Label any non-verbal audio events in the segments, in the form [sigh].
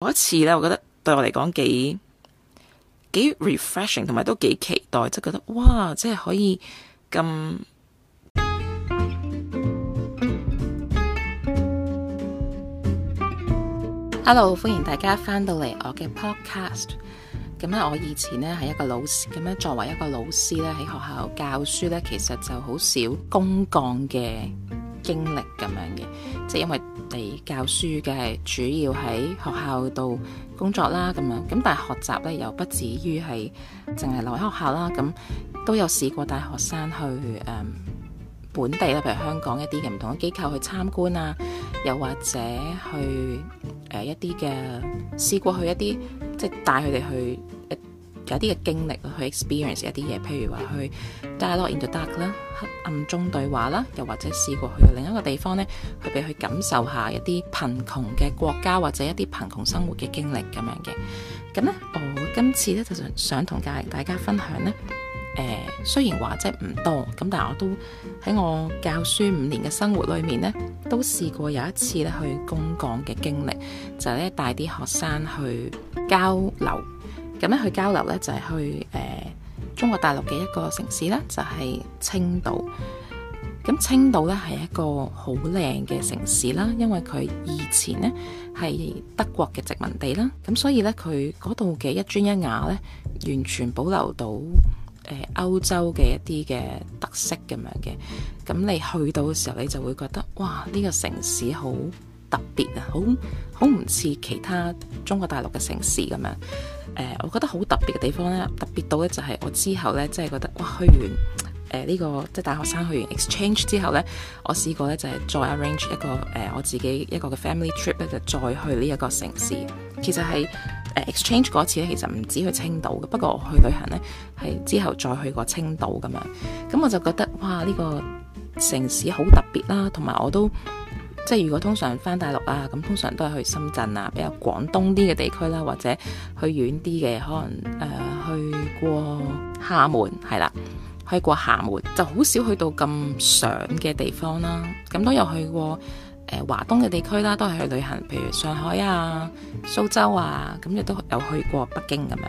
有一次咧，我覺得對我嚟講幾幾 refreshing，同埋都幾期待，即係覺得哇，即係可以咁。Hello，歡迎大家返到嚟我嘅 podcast。咁咧，我以前呢，係一個老師，咁樣作為一個老師咧，喺學校教書咧，其實就好少公幹嘅。經歷咁樣嘅，即係因為你教書嘅係主要喺學校度工作啦，咁樣。咁但係學習咧又不止於係淨係留喺學校啦，咁都有試過帶學生去誒、呃、本地啦，譬如香港一啲嘅唔同嘅機構去參觀啊，又或者去誒、呃、一啲嘅試過去一啲即係帶佢哋去、呃有啲嘅經歷去 experience 一啲嘢，譬如話去《Dialogue into Dark》啦、黑暗中對話啦，又或者試過去另一個地方呢，去俾佢感受一下一啲貧窮嘅國家或者一啲貧窮生活嘅經歷咁樣嘅。咁呢，我今次呢就想同大家分享呢。誒、呃，雖然話則唔多，咁但我都喺我教書五年嘅生活裏面呢，都試過有一次咧去公幹嘅經歷，就係帶啲學生去交流。咁咧去交流咧就係、是、去誒、呃、中國大陸嘅一個城市啦，就係、是、青島。咁青島咧係一個好靚嘅城市啦，因為佢以前咧係德國嘅殖民地啦，咁所以咧佢嗰度嘅一磚一瓦咧完全保留到誒歐、呃、洲嘅一啲嘅特色咁樣嘅。咁你去到嘅時候，你就會覺得哇呢、這個城市好！特別啊，好好唔似其他中國大陸嘅城市咁樣。誒，我覺得好特別嘅地方咧，特別到咧就係我之後咧，即係覺得哇，去完誒呢個即係大學生去完 exchange 之後咧，我試過咧就係再 arrange 一個誒我自己一個嘅 family trip 咧，就再去呢一個城市。其實係誒 exchange 嗰次咧，其實唔止去青島嘅，不過我去旅行咧係之後再去過青島咁樣。咁我就覺得哇，呢個城市好特別啦，同埋我都。即係如果通常返大陸啊，咁通常都係去深圳啊，比較廣東啲嘅地區啦，或者去遠啲嘅，可能誒、呃、去過廈門，係啦，去過廈門就好少去到咁上嘅地方啦。咁都有去過誒、呃、華東嘅地區啦，都係去旅行，譬如上海啊、蘇州啊，咁亦都有去過北京咁樣。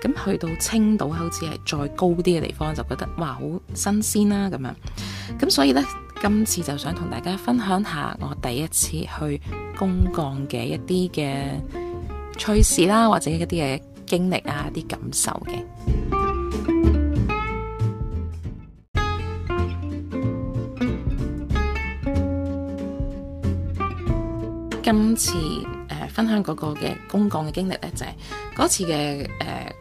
咁去到青島好似係再高啲嘅地方，就覺得哇好新鮮啦咁樣。咁所以呢。今次就想同大家分享下我第一次去公幹嘅一啲嘅趣事啦，或者一啲嘅經歷啊，啲感受嘅。 [music] 今次誒、呃，分享嗰個嘅公幹嘅經歷咧，就係、是、嗰次嘅誒、呃，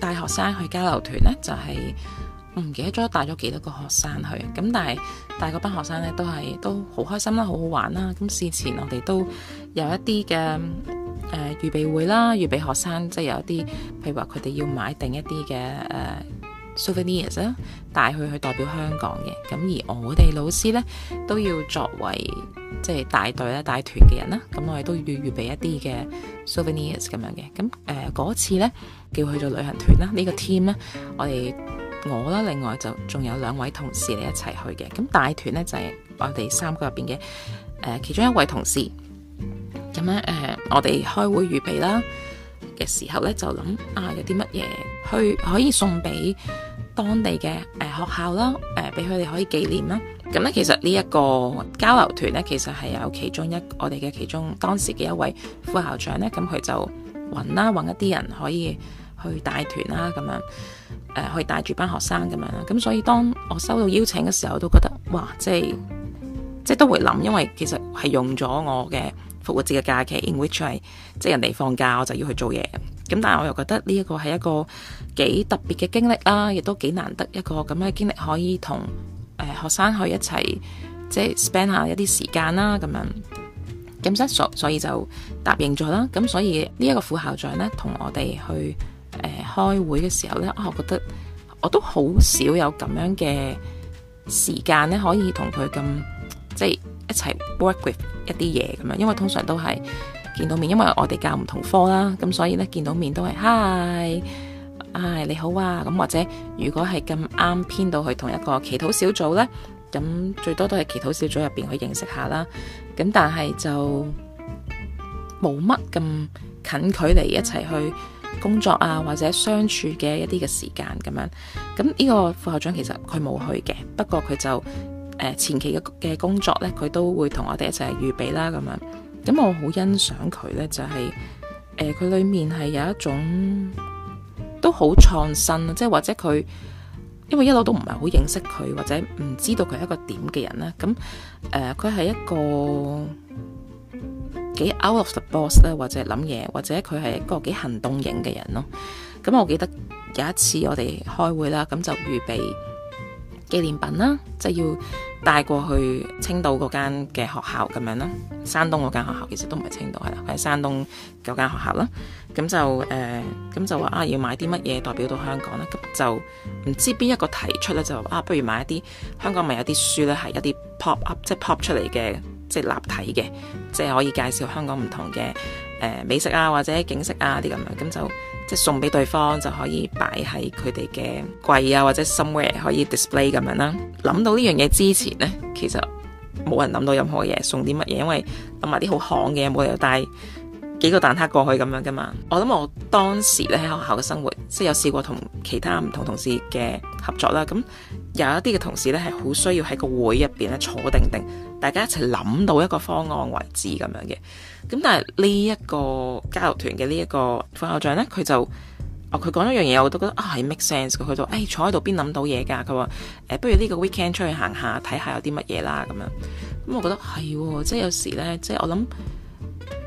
大學生去交流團咧，就係、是。唔記得咗帶咗幾多個學生去，咁但係帶個班學生咧都係都好開心啦，好好玩啦。咁事前我哋都有一啲嘅誒預備會啦，預備學生即係、就是、有一啲，譬如話佢哋要買定一啲嘅誒、呃、souvenirs 啦，帶佢去代表香港嘅。咁而我哋老師咧都要作為即係帶隊啦、帶團嘅人啦，咁我哋都要預備一啲嘅 souvenirs 咁樣嘅。咁誒嗰次咧叫去做旅行團啦，這個、團呢個 team 咧我哋。我啦，另外就仲有兩位同事嚟一齊去嘅，咁帶團呢，就係、是、我哋三個入邊嘅誒其中一位同事。咁咧誒，我哋開會預備啦嘅時候呢，就諗啊有啲乜嘢去可以送俾當地嘅誒、呃、學校啦，誒俾佢哋可以紀念啦。咁咧其實呢一個交流團呢，其實係有其中一我哋嘅其中當時嘅一位副校長呢，咁佢就揾啦揾一啲人可以。去帶團啦，咁樣誒去、呃、帶住班學生咁樣啦，咁所以當我收到邀請嘅時候，我都覺得哇，即係即係都會諗，因為其實係用咗我嘅復活節嘅假期，in which 係即係人哋放假我就要去做嘢，咁但係我又覺得呢一個係一個幾特別嘅經歷啦、啊，亦都幾難得一個咁嘅經歷可以同誒、呃、學生去一齊即係 spend 下一啲時間啦，咁樣咁所以就答應咗啦，咁所以呢一個副校長呢，同我哋去。誒、呃、開會嘅時候呢，我覺得我都好少有咁樣嘅時間呢，可以同佢咁即係一齊 work with 一啲嘢咁樣，因為通常都係見到面，因為我哋教唔同科啦，咁所以呢，見到面都係 hi hi 你好啊，咁或者如果係咁啱編到去同一個祈禱小組呢，咁最多都係祈禱小組入邊去認識下啦，咁但係就冇乜咁近距離一齊去。工作啊，或者相處嘅一啲嘅時間咁樣，咁呢個副校長其實佢冇去嘅，不過佢就誒、呃、前期嘅嘅工作呢，佢都會同我哋一齊預備啦咁樣。咁我好欣賞佢呢，就係誒佢裏面係有一種都好創新，即係、就是、或者佢因為一路都唔係好認識佢，或者唔知道佢係一個點嘅人啦。咁誒，佢、呃、係一個。幾 out of the box 咧，或者諗嘢，或者佢係一個幾行動型嘅人咯。咁我記得有一次我哋開會啦，咁就預備紀念品啦，即係要帶過去青島嗰間嘅學校咁樣啦。山東嗰間學校其實都唔係青島係啦，係山東嗰間學校啦。咁就誒，咁、呃、就話啊，要買啲乜嘢代表到香港啦。咁就唔知邊一個提出咧，就啊，不如買一啲香港咪有啲書咧，係一啲 pop up 即係 pop 出嚟嘅。即係立體嘅，即係可以介紹香港唔同嘅誒、呃、美食啊，或者景色啊啲咁樣，樣，咁就即係送俾對方就可以擺喺佢哋嘅櫃啊，或者 somewhere 可以 display 咁樣啦。諗到呢樣嘢之前呢，其實冇人諗到任何嘢，送啲乜嘢，因為諗埋啲好巷嘅冇理由帶幾個蛋撻過去咁樣噶嘛？我諗我當時咧喺學校嘅生活，即係有試過同其他唔同同事嘅合作啦。咁有一啲嘅同事咧係好需要喺個會入邊咧坐定定，大家一齊諗到一個方案為止咁樣嘅。咁但係呢一個交流團嘅呢一個副校長咧，佢就哦佢講一樣嘢，我都覺得啊係 make sense。佢話誒坐喺度邊諗到嘢㗎？佢話誒不如呢個 weekend 出去行下，睇下有啲乜嘢啦咁樣。咁我覺得係，即係有時咧，即係我諗。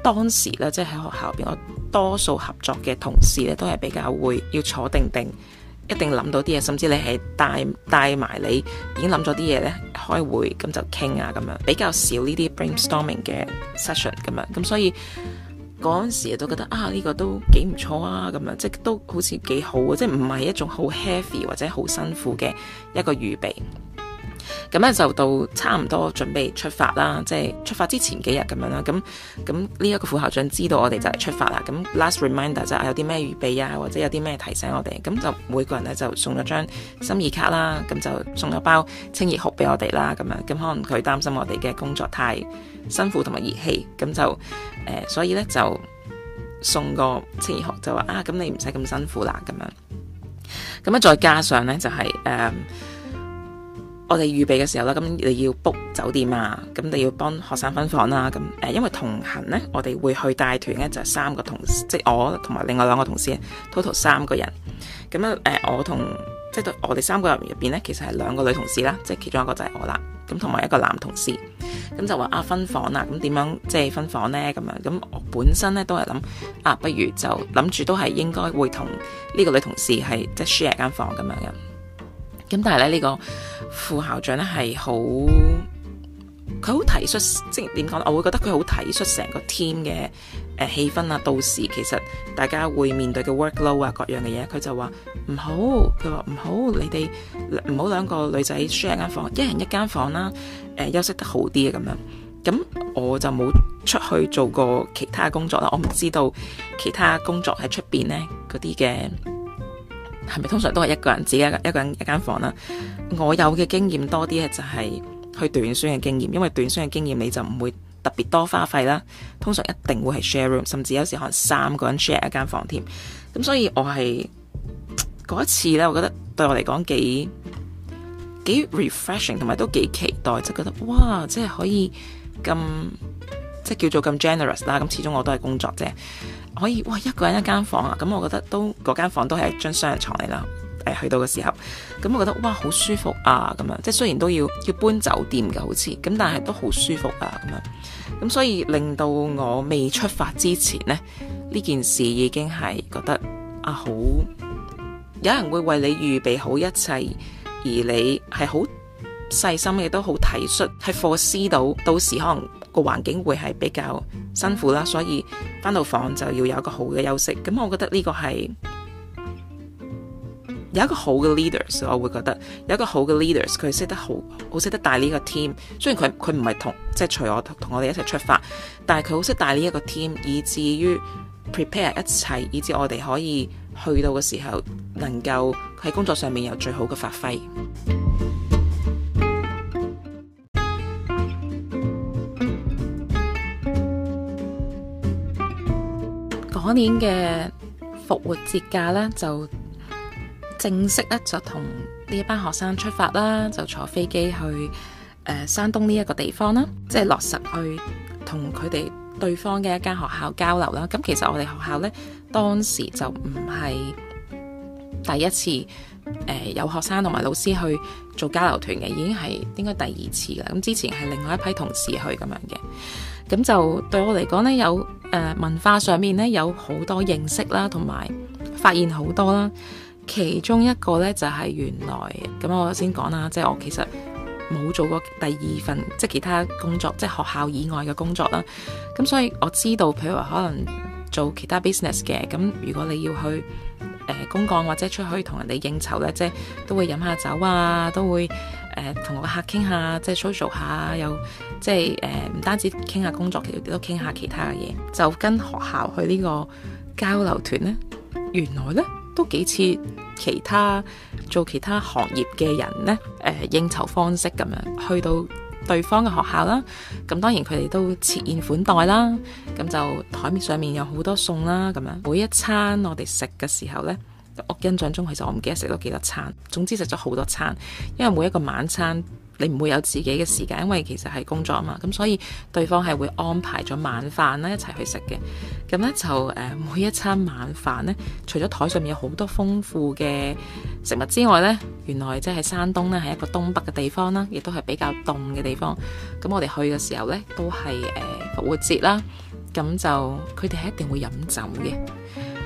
當時咧，即係喺學校入邊，我多數合作嘅同事咧，都係比較會要坐定定，一定諗到啲嘢，甚至你係帶帶埋你已經諗咗啲嘢咧，開會咁就傾啊咁樣，比較少呢啲 brainstorming 嘅 session 咁樣，咁所以嗰陣時就啊，都覺得啊呢個都幾唔錯啊咁樣，即都好似幾好啊，即係唔係一種好 heavy 或者好辛苦嘅一個預備。咁咧就到差唔多準備出發啦，即係出發之前幾日咁樣啦。咁咁呢一個副校長知道我哋就嚟出發啦。咁 last reminder 就係有啲咩預備啊，或者有啲咩提醒我哋。咁就每個人咧就送咗張心意卡啦，咁就送咗包清熱酷俾我哋啦。咁樣咁可能佢擔心我哋嘅工作太辛苦同埋熱氣，咁就誒所以咧就送個清熱酷就話啊，咁你唔使咁辛苦啦。咁樣咁咧再加上咧就係誒。呃我哋預備嘅時候咧，咁你要 book 酒店啊，咁你要幫學生分房啦、啊。咁誒、呃，因為同行咧，我哋會去帶團咧，就係、三個同事，即係我同埋另外兩個同事，total 三個人。咁咧誒，我同即係我哋三個入入邊咧，其實係兩個女同事啦，即係其中一個就係我啦。咁同埋一個男同事，咁就話啊分房啊，咁點樣即係分房咧？咁樣咁，我本身咧都係諗啊，不如就諗住都係應該會同呢個女同事係即係 share 間房咁樣嘅。咁但係咧呢個副校長咧係好，佢好體恤，即係點講？我會覺得佢好體恤成個 team 嘅誒氣氛啊。到時其實大家會面對嘅 workload 啊，各樣嘅嘢，佢就話唔好，佢話唔好，你哋唔好兩個女仔 share 間房，一人一間房啦、啊，誒、呃、休息得好啲啊，咁樣。咁我就冇出去做過其他工作啦，我唔知道其他工作喺出邊呢嗰啲嘅。係咪通常都係一個人自己一個，一個人一間房啦？我有嘅經驗多啲咧就係去短租嘅經驗，因為短租嘅經驗你就唔會特別多花費啦。通常一定會係 share room，甚至有時可能三個人 share 一間房添。咁所以我係嗰一次咧，我覺得對我嚟講幾幾 refreshing，同埋都幾期待，即係覺得哇，即係可以咁即係叫做咁 generous 啦。咁始終我都係工作啫。可以哇，一個人一間房啊，咁、嗯、我覺得都嗰間房都係一張雙人床嚟啦。誒、哎，去到嘅時候，咁、嗯、我覺得哇，好舒服啊，咁、嗯、樣。即係雖然都要要搬酒店嘅，好似咁、嗯，但係都好舒服啊，咁、嗯、樣。咁、嗯、所以令到我未出發之前呢，呢件事已經係覺得啊好，有人會為你預備好一切，而你係好細心嘅，都好體恤，係 foresight 到到時可能。個環境會係比較辛苦啦，所以翻到房就要有一個好嘅休息。咁我覺得呢個係有一個好嘅 leaders，我會覺得有一個好嘅 leaders，佢識得好好識得帶呢個 team。雖然佢佢唔係同即係、就是、隨我同我哋一齊出發，但係佢好識帶呢一個 team，以至於 prepare 一切，以至我哋可以去到嘅時候，能夠喺工作上面有最好嘅發揮。今年嘅復活節假呢，就正式咧就同呢一班學生出發啦，就坐飛機去誒、呃、山東呢一個地方啦，即係落實去同佢哋對方嘅一間學校交流啦。咁其實我哋學校呢，當時就唔係第一次誒、呃、有學生同埋老師去做交流團嘅，已經係應該第二次啦。咁之前係另外一批同事去咁樣嘅。咁就對我嚟講呢，有誒文化上面呢，有好多認識啦，同埋發現好多啦。其中一個呢，就係原來咁，我先講啦，即係我其實冇做過第二份即係其他工作，即係學校以外嘅工作啦。咁所以我知道，譬如話可能做其他 business 嘅，咁如果你要去誒公幹或者出去同人哋應酬呢，即係都會飲下酒啊，都會誒同個客傾下，即係 social 下又。即係誒，唔、呃、單止傾下工作，其實都傾下其他嘅嘢。就跟學校去呢個交流團呢，原來呢都幾似其他做其他行業嘅人呢，誒、呃、應酬方式咁樣，去到對方嘅學校啦。咁當然佢哋都設宴款待啦。咁就台面上面有好多餸啦。咁樣每一餐我哋食嘅時候呢，我印象中其實我唔記得食咗幾多餐。總之食咗好多餐，因為每一個晚餐。你唔會有自己嘅時間，因為其實係工作啊嘛，咁所以對方係會安排咗晚飯啦，一齊去食嘅。咁呢就誒、呃、每一餐晚飯呢，除咗台上面有好多豐富嘅食物之外呢，原來即係山東呢，係一個東北嘅地方啦，亦都係比較凍嘅地方。咁我哋去嘅時候呢，都係誒、呃、復活節啦。咁就佢哋係一定會飲酒嘅。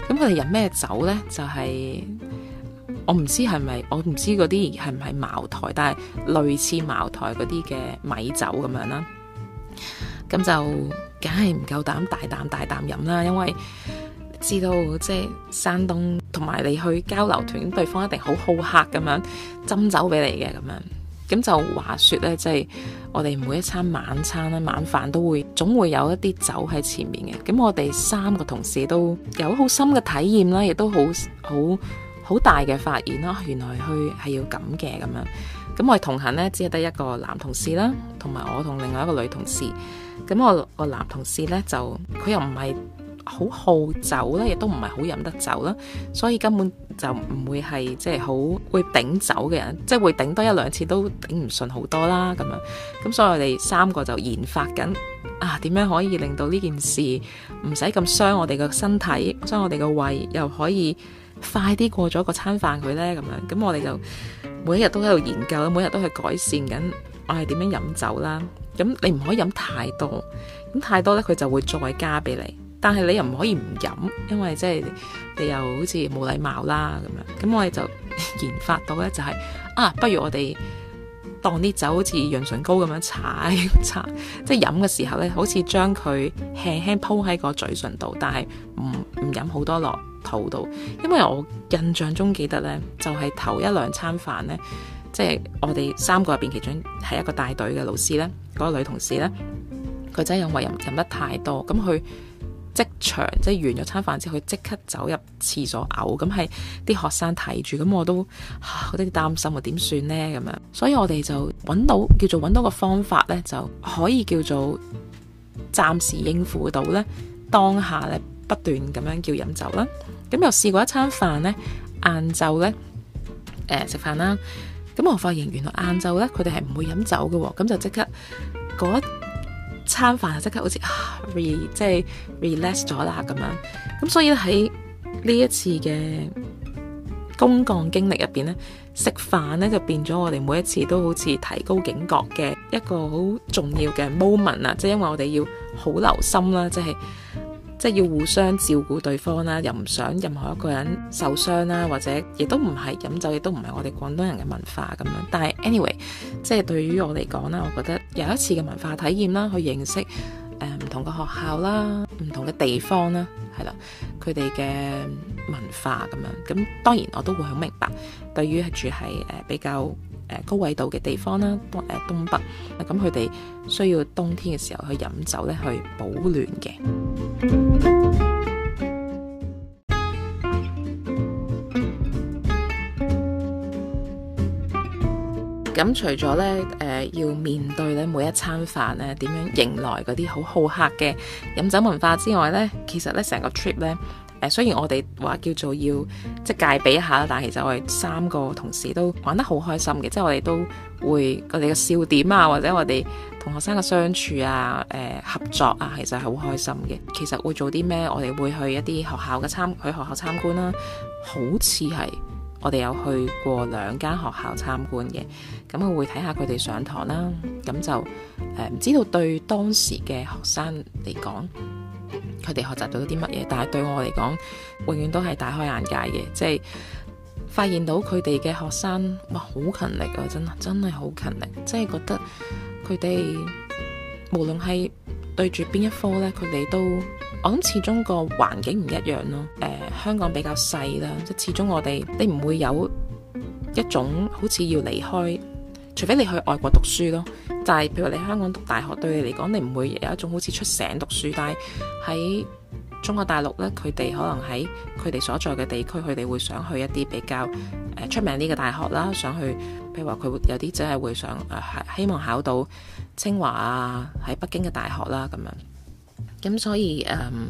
咁佢哋飲咩酒呢？就係、是。我唔知係咪，我唔知嗰啲係唔係茅台，但係類似茅台嗰啲嘅米酒咁樣啦，咁就梗係唔夠膽大啖大啖飲啦，因為知道即係、就是、山東同埋你去交流團，對方一定好好客咁樣斟酒俾你嘅咁樣，咁就話說呢，即、就、係、是、我哋每一餐晚餐咧晚飯都會總會有一啲酒喺前面嘅，咁我哋三個同事都有好深嘅體驗啦，亦都好好。好大嘅發現啦，原來去係要咁嘅咁樣。咁我哋同行呢，只係得一個男同事啦，同埋我同另外一個女同事。咁我個男同事呢，就佢又唔係好好酒啦，亦都唔係好飲得酒啦，所以根本就唔會係即係好會頂酒嘅人，即係會頂多一兩次都頂唔順好多啦咁樣。咁所以我哋三個就研發緊啊，點樣可以令到呢件事唔使咁傷我哋嘅身體，傷我哋嘅胃，又可以。快啲過咗個餐飯佢呢，咁樣咁我哋就每一日都喺度研究，每日都去改善緊。我係點樣飲酒啦？咁你唔可以飲太多，咁太多呢，佢就會再加俾你。但係你又唔可以唔飲，因為即係你又好似冇禮貌啦咁樣。咁我哋就研發到呢，就係啊，不如我哋當啲酒好似潤唇膏咁樣擦擦，即係飲嘅時候呢，好似將佢輕輕鋪喺個嘴唇度，但係唔唔飲好多落。吐到，因為我印象中記得呢，就係、是、頭一兩餐飯呢，即係我哋三個入邊，其中係一個帶隊嘅老師呢。嗰、那個女同事呢，佢真係因為飲飲得太多，咁佢即場即係完咗餐飯之後，佢即刻走入廁所嘔，咁係啲學生睇住，咁我都覺得擔心啊，點算呢？咁樣？所以我哋就揾到叫做揾到個方法呢，就可以叫做暫時應付到呢。當下呢。不斷咁樣叫飲酒啦，咁又試過一餐飯呢，晏晝呢，誒、呃、食飯啦，咁我發現原來晏晝呢，佢哋係唔會飲酒嘅喎，咁就即刻嗰一餐飯就即刻好似、啊、r e 即係 relax 咗啦咁樣，咁所以喺呢一次嘅公幹經歷入邊呢，食飯呢就變咗我哋每一次都好似提高警覺嘅一個好重要嘅 moment 啦，即係因為我哋要好留心啦，即係。即係要互相照顧對方啦，又唔想任何一個人受傷啦，或者亦都唔係飲酒，亦都唔係我哋廣東人嘅文化咁樣。但係，anyway，即係對於我嚟講啦，我覺得有一次嘅文化體驗啦，去認識。誒，唔同、呃嘅學校啦，唔同嘅地方啦，係啦，佢哋嘅文化咁樣，咁當然我都會好明白，對於係住喺誒、呃、比較誒、呃、高緯度嘅地方啦，東誒、呃、東北，咁佢哋需要冬天嘅時候去飲酒咧，去保暖嘅。咁除咗咧，誒、呃、要面對咧每一餐飯咧，點樣迎來嗰啲好好客嘅飲酒文化之外咧，其實咧成個 trip 咧，誒、呃、雖然我哋話叫做要即戒備一下啦，但係其實我哋三個同事都玩得好開心嘅，即係我哋都會我哋嘅笑點啊，或者我哋同學生嘅相處啊，誒、呃、合作啊，其實係好開心嘅。其實會做啲咩？我哋會去一啲學校嘅參去學校參觀啦、啊，好似係。我哋有去過兩間學校參觀嘅，咁我會睇下佢哋上堂啦，咁就呃，唔知道對當時嘅學生嚟講，佢哋學習到啲乜嘢？但係對我嚟講，永遠都係大開眼界嘅，即係發現到佢哋嘅學生，哇，好勤力啊，真係，真係好勤力，即係覺得佢哋無論係對住邊一科呢，佢哋都。我諗始終個環境唔一樣咯，誒、呃，香港比較細啦，即始終我哋你唔會有一種好似要離開，除非你去外國讀書咯。就係譬如話你香港讀大學，對你嚟講你唔會有一種好似出省讀書，但係喺中國大陸呢，佢哋可能喺佢哋所在嘅地區，佢哋會想去一啲比較誒出名啲嘅大學啦，想去譬如話佢會有啲真係會想，誒希望考到清華啊，喺北京嘅大學啦咁樣。咁所以，嗯，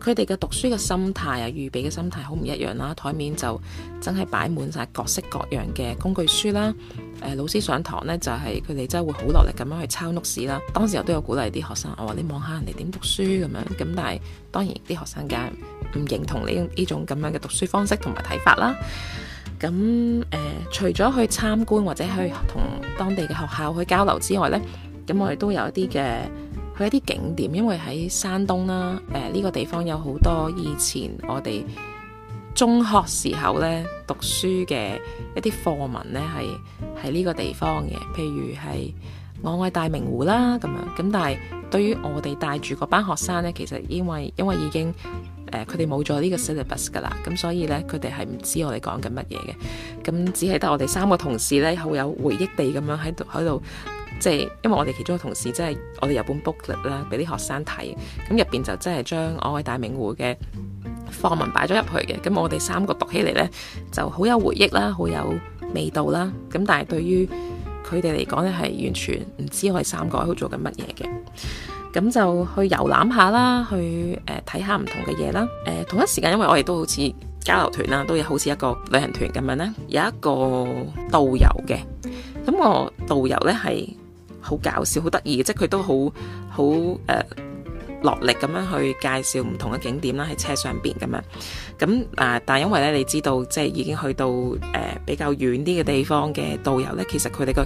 佢哋嘅讀書嘅心態啊，預備嘅心態好唔一樣啦。台面就真係擺滿晒各式各樣嘅工具書啦。誒、呃，老師上堂呢，就係佢哋真係會好落力咁樣去抄 notes 啦。當時我都有鼓勵啲學生，我、哦、話你望下人哋點讀書咁樣。咁但係，當然啲學生梗係唔認同呢呢種咁樣嘅讀書方式同埋睇法啦。咁誒、呃，除咗去參觀或者去同當地嘅學校去交流之外呢，咁我哋都有一啲嘅。佢一啲景點，因為喺山東啦，誒、呃、呢、呢個地方有好多以前我哋中學時候咧讀書嘅一啲課文咧，係喺呢個地方嘅，譬如係我愛大明湖啦咁樣。咁但係對於我哋帶住嗰班學生咧，其實因為因為已經誒佢哋冇咗呢個 syllabus 㗎啦，咁所以咧佢哋係唔知我哋講緊乜嘢嘅。咁只係得我哋三個同事咧，好有回憶地咁樣喺度喺度。即係，因為我哋其中嘅同事，即係我哋有本 booklet 啦，俾啲學生睇，咁入邊就真係將愛大明湖嘅課文擺咗入去嘅，咁我哋三個讀起嚟呢，就好有回憶啦，好有味道啦，咁但係對於佢哋嚟講呢，係完全唔知我哋三個喺度做緊乜嘢嘅，咁就去遊覽下啦，去誒睇下唔同嘅嘢啦，誒、呃、同一時間，因為我哋都好似交流團啦，都有好似一個旅行團咁樣啦，有一個導遊嘅，咁我導遊呢係。好搞笑，好得意嘅，即係佢都好好誒落力咁樣去介紹唔同嘅景點啦，喺車上邊咁樣。咁啊、呃，但係因為咧，你知道即係已經去到誒、呃、比較遠啲嘅地方嘅導遊咧，其實佢哋嘅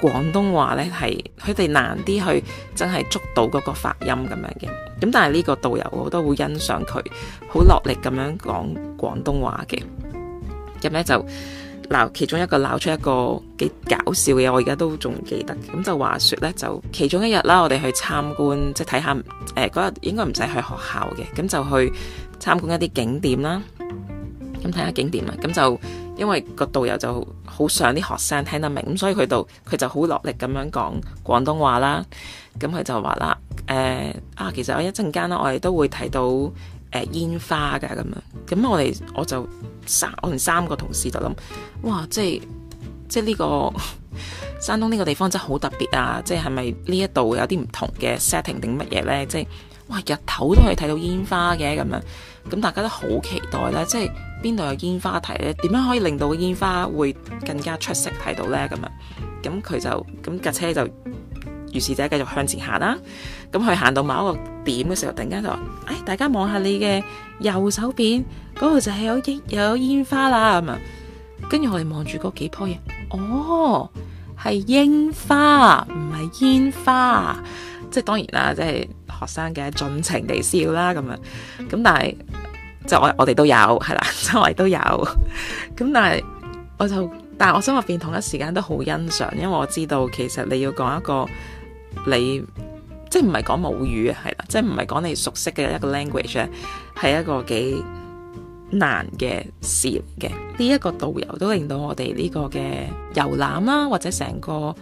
廣東話咧係佢哋難啲去真係捉到嗰個發音咁樣嘅。咁但係呢個導遊我都會欣賞佢好落力咁樣講廣東話嘅。咁咧就。嗱，其中一個鬧出一個幾搞笑嘅，我而家都仲記得。咁就話説呢，就其中一日啦，我哋去參觀，即係睇下誒嗰日應該唔使去學校嘅，咁就去參觀一啲景點啦。咁睇下景點啊，咁就因為個導遊就好想啲學生聽得明，咁所以佢度佢就好落力咁樣講廣東話啦。咁佢就話啦，誒、呃、啊，其實一我一陣間呢，我哋都會睇到。誒煙花㗎咁樣，咁我哋我就三，我哋三個同事就諗，哇！即係即係、這、呢個山東呢個地方真係好特別啊！即係係咪呢一度有啲唔同嘅 setting 定乜嘢呢？即係哇，日頭都可以睇到煙花嘅咁樣，咁大家都好期待咧。即係邊度有煙花睇呢？點樣可以令到煙花會更加出色睇到呢？咁樣，咁佢就咁架車就。於是就繼續向前行啦，咁佢行到某一個點嘅時候，突然間就話，誒，大家望下你嘅右手邊嗰度就係有煙有煙花啦，咁啊，跟住我哋望住嗰幾樖嘢，哦，係櫻花唔係煙花，即係當然啦，即係學生嘅盡情地笑啦，咁樣，咁但係就我我哋都有係啦，周圍都有，咁但係我就但係我心入面同一時間都好欣賞，因為我知道其實你要講一個。你即係唔係講母語啊？係啦，即係唔係講你熟悉嘅一個 language 咧，係一個幾難嘅事嘅。呢、這、一個導遊都令到我哋呢個嘅遊覽啦，或者成個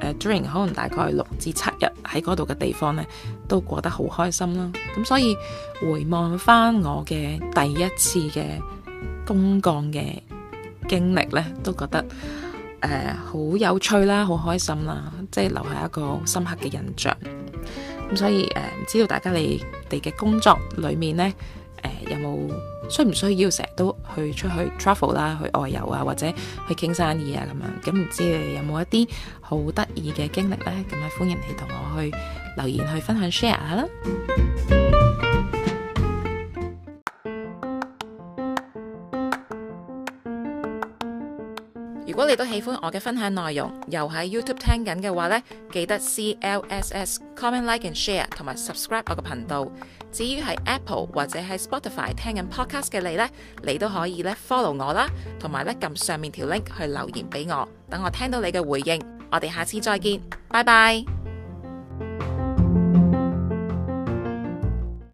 d trip 可能大概六至七日喺嗰度嘅地方呢，都過得好開心啦。咁所以回望返我嘅第一次嘅公幹嘅經歷呢，都覺得。誒，好、uh, 有趣啦，好開心啦，即係留下一個深刻嘅印象。咁所以誒，唔、uh, 知道大家你哋嘅工作裏面呢，誒、uh，有冇需唔需要成日都去出去 travel 啦，去外遊啊，或者去傾生意啊咁樣？咁唔知你哋有冇一啲好得意嘅經歷呢？咁啊，歡迎你同我去留言去分享 share 下啦。你都喜歡我嘅分享內容，又喺 YouTube 聽緊嘅話咧，記得 CLSS comment like and share 同埋 subscribe 我嘅頻道。至於喺 Apple 或者喺 Spotify 聽緊 podcast 嘅你咧，你都可以咧 follow 我啦，同埋咧撳上面條 link 去留言俾我，等我聽到你嘅回應。我哋下次再見，拜拜。